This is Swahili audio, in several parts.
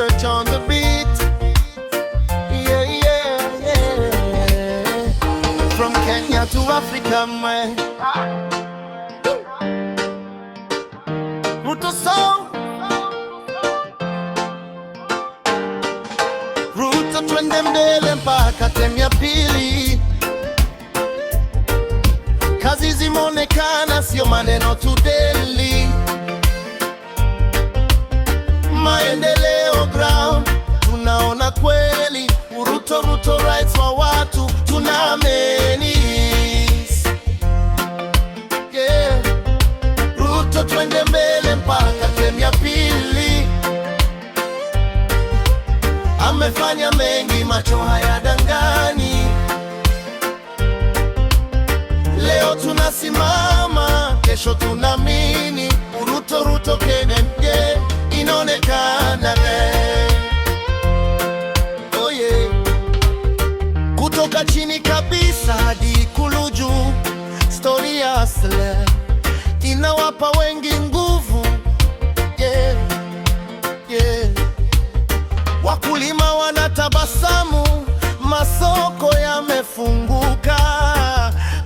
research on the beat. Yeah, yeah, yeah. From Kenya to Africa, man. Root to soul. Root twende mbele mpaka tem ya pili. Kazi zimeonekana, sio not tu deli amefanya mengi, macho hayadanganyi. Leo tunasimama, kesho tunamini. Uruto Ruto KMJ inaonekana leo, oh, Kutoka chini kabisa hadi Ikulu juu, stori Wakulima wanatabasamu, masoko yamefunguka,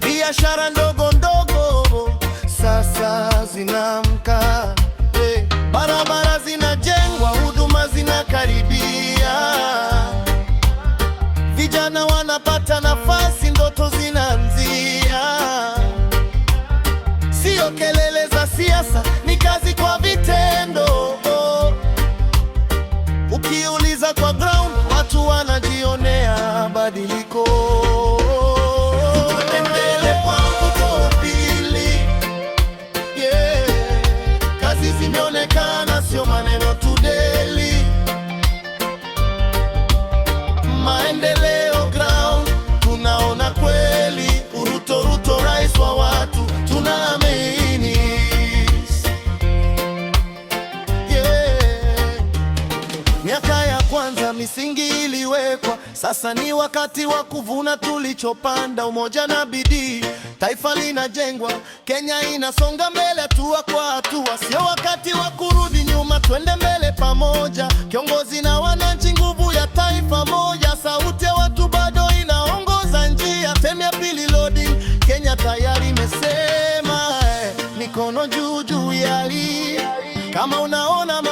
biashara ndo kweli watu ya kwanza misingi iliwekwa, sasa ni wakati wa kuvuna tulichopanda. Umoja na bidii taifa linajengwa, Kenya inasonga mbele hatua kwa hatua, sio wakati wa kurudi nyuma twende mbele pamoja, kiongozi na wananchi, nguvu ya taifa moja, sauti ya watu bado inaongoza njia. Sehemu ya pili loading, Kenya tayari imesema eh, mikono juu juu yali kama unaona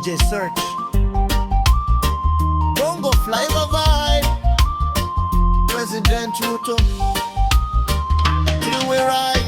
DJ Search. Bongo Flavor Vibe. President Ruto. You were right.